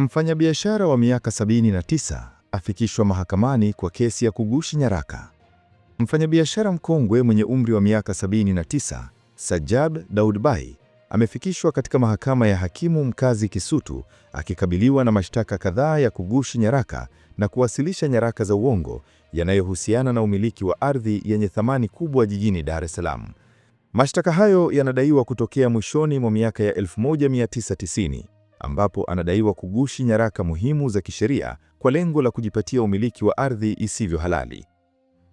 Mfanyabiashara wa miaka 79 afikishwa mahakamani kwa kesi ya kugushi nyaraka. Mfanyabiashara mkongwe mwenye umri wa miaka 79 Sajjad Daudbai amefikishwa katika mahakama ya hakimu mkazi Kisutu akikabiliwa na mashtaka kadhaa ya kugushi nyaraka na kuwasilisha nyaraka za uongo yanayohusiana na umiliki wa ardhi yenye thamani kubwa jijini Dar es Salaam. Mashtaka hayo yanadaiwa kutokea mwishoni mwa miaka ya 1990 ambapo anadaiwa kugushi nyaraka muhimu za kisheria kwa lengo la kujipatia umiliki wa ardhi isivyo halali.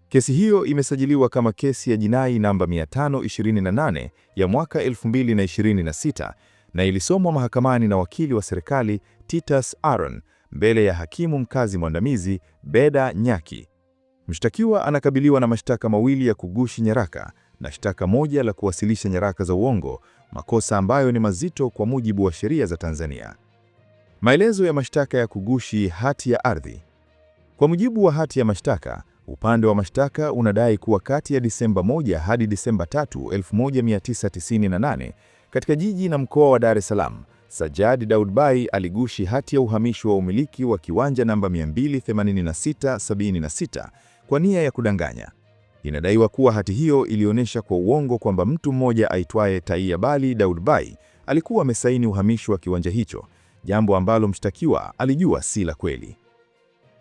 Kesi hiyo imesajiliwa kama kesi ya jinai namba 528 ya mwaka 2026 na ilisomwa mahakamani na wakili wa serikali Titus Aaron mbele ya hakimu mkazi mwandamizi Beda Nyaki. Mshtakiwa anakabiliwa na mashtaka mawili ya kugushi nyaraka na shtaka moja la kuwasilisha nyaraka za uongo, makosa ambayo ni mazito kwa mujibu wa sheria za Tanzania. Maelezo ya mashtaka ya kugushi hati ya ardhi. Kwa mujibu wa hati ya mashtaka, upande wa mashtaka unadai kuwa kati ya Disemba 1 hadi Disemba 3, 1998 katika jiji na mkoa wa Dar es Salaam, Sajad bai aligushi hati ya uhamisho wa umiliki wa kiwanja namba 28676 kwa nia ya kudanganya. Inadaiwa kuwa hati hiyo ilionyesha kwa uongo kwamba mtu mmoja aitwaye Taiya Bali Daud Bai alikuwa amesaini uhamisho wa kiwanja hicho, jambo ambalo mshtakiwa alijua si la kweli.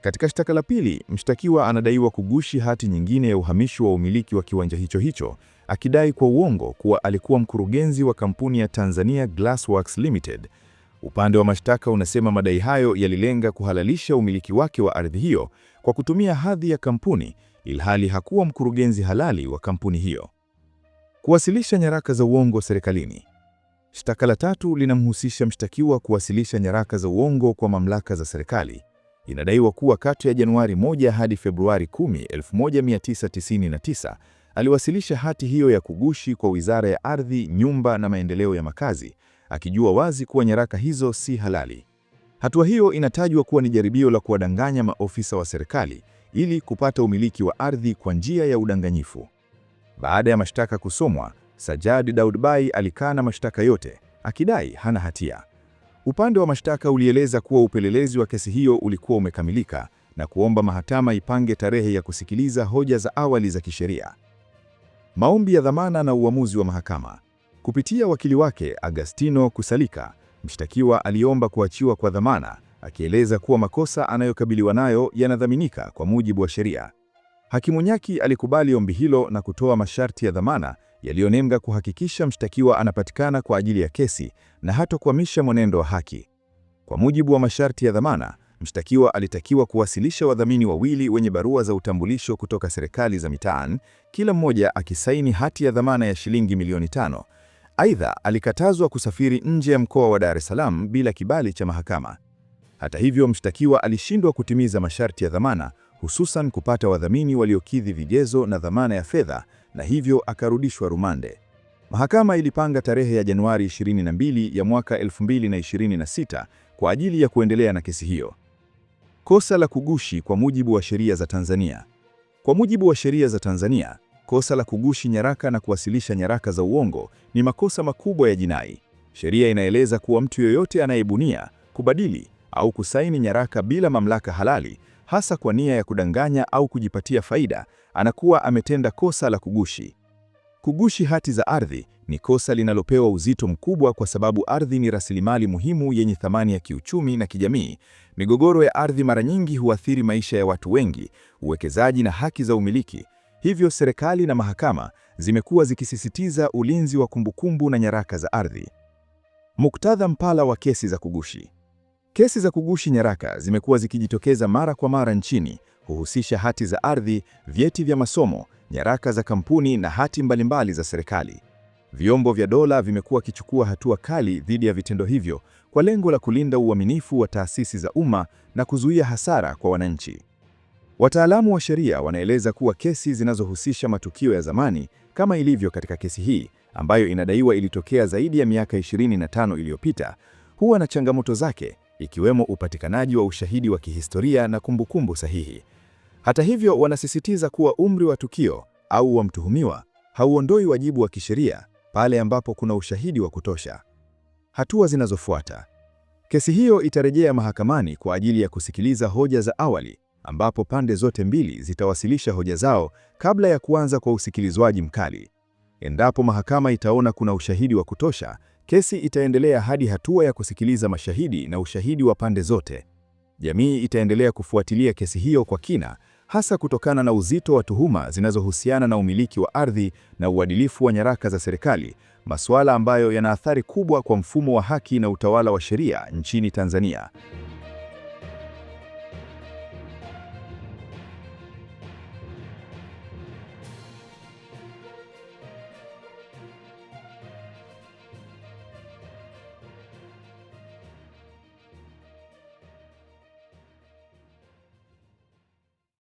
Katika shtaka la pili, mshtakiwa anadaiwa kugushi hati nyingine ya uhamisho wa umiliki wa kiwanja hicho hicho, akidai kwa uongo kuwa alikuwa mkurugenzi wa kampuni ya Tanzania Glassworks Limited. Upande wa mashtaka unasema madai hayo yalilenga kuhalalisha umiliki wake wa ardhi hiyo kwa kutumia hadhi ya kampuni ilhali hakuwa mkurugenzi halali wa kampuni hiyo. Kuwasilisha nyaraka za uongo serikalini. Shtaka la tatu linamhusisha mshtakiwa kuwasilisha nyaraka za uongo kwa mamlaka za serikali. Inadaiwa kuwa kati ya Januari 1 hadi Februari 10, 1999 aliwasilisha hati hiyo ya kugushi kwa Wizara ya Ardhi, Nyumba na Maendeleo ya Makazi, akijua wazi kuwa nyaraka hizo si halali. Hatua hiyo inatajwa kuwa ni jaribio la kuwadanganya maofisa wa serikali ili kupata umiliki wa ardhi kwa njia ya udanganyifu. Baada ya mashtaka kusomwa, Sajjad Daudbai alikana mashtaka yote akidai hana hatia. Upande wa mashtaka ulieleza kuwa upelelezi wa kesi hiyo ulikuwa umekamilika na kuomba mahakama ipange tarehe ya kusikiliza hoja za awali za kisheria. Maombi ya dhamana na uamuzi wa mahakama. Kupitia wakili wake Agustino Kusalika, mshtakiwa aliomba kuachiwa kwa dhamana akieleza kuwa makosa anayokabiliwa nayo yanadhaminika kwa mujibu wa sheria. Hakimu Nyaki alikubali ombi hilo na kutoa masharti ya dhamana yaliyonenga kuhakikisha mshtakiwa anapatikana kwa ajili ya kesi na hatokwamisha mwenendo wa haki. Kwa mujibu wa masharti ya dhamana, mshtakiwa alitakiwa kuwasilisha wadhamini wawili wenye barua za utambulisho kutoka serikali za mitaa, kila mmoja akisaini hati ya dhamana ya shilingi milioni tano. Aidha, alikatazwa kusafiri nje ya mkoa wa Dar es Salaam bila kibali cha mahakama. Hata hivyo, mshtakiwa alishindwa kutimiza masharti ya dhamana, hususan kupata wadhamini waliokidhi vigezo na dhamana ya fedha, na hivyo akarudishwa rumande. Mahakama ilipanga tarehe ya Januari 22 ya mwaka 2026 kwa ajili ya kuendelea na kesi hiyo. Kosa la kugushi kwa mujibu wa sheria za Tanzania. Kwa mujibu wa sheria za Tanzania, kosa la kugushi nyaraka na kuwasilisha nyaraka za uongo ni makosa makubwa ya jinai. Sheria inaeleza kuwa mtu yoyote anayebunia, kubadili au kusaini nyaraka bila mamlaka halali, hasa kwa nia ya kudanganya au kujipatia faida, anakuwa ametenda kosa la kugushi. Kugushi hati za ardhi ni kosa linalopewa uzito mkubwa kwa sababu ardhi ni rasilimali muhimu yenye thamani ya kiuchumi na kijamii. Migogoro ya ardhi mara nyingi huathiri maisha ya watu wengi, uwekezaji na haki za umiliki. Hivyo serikali na mahakama zimekuwa zikisisitiza ulinzi wa kumbukumbu na nyaraka za ardhi. Muktadha mpana wa kesi za kugushi. Kesi za kugushi nyaraka zimekuwa zikijitokeza mara kwa mara nchini, huhusisha hati za ardhi, vyeti vya masomo, nyaraka za kampuni na hati mbalimbali za serikali. Vyombo vya dola vimekuwa kichukua hatua kali dhidi ya vitendo hivyo kwa lengo la kulinda uaminifu wa taasisi za umma na kuzuia hasara kwa wananchi. Wataalamu wa sheria wanaeleza kuwa kesi zinazohusisha matukio ya zamani kama ilivyo katika kesi hii ambayo inadaiwa ilitokea zaidi ya miaka 25 iliyopita, huwa na changamoto zake ikiwemo upatikanaji wa ushahidi wa kihistoria na kumbukumbu sahihi. Hata hivyo, wanasisitiza kuwa umri wa tukio au wa mtuhumiwa hauondoi wajibu wa kisheria pale ambapo kuna ushahidi wa kutosha. Hatua zinazofuata. Kesi hiyo itarejea mahakamani kwa ajili ya kusikiliza hoja za awali ambapo pande zote mbili zitawasilisha hoja zao kabla ya kuanza kwa usikilizwaji mkali. Endapo mahakama itaona kuna ushahidi wa kutosha, Kesi itaendelea hadi hatua ya kusikiliza mashahidi na ushahidi wa pande zote. Jamii itaendelea kufuatilia kesi hiyo kwa kina, hasa kutokana na uzito wa tuhuma zinazohusiana na umiliki wa ardhi na uadilifu wa nyaraka za serikali, masuala ambayo yana athari kubwa kwa mfumo wa haki na utawala wa sheria nchini Tanzania.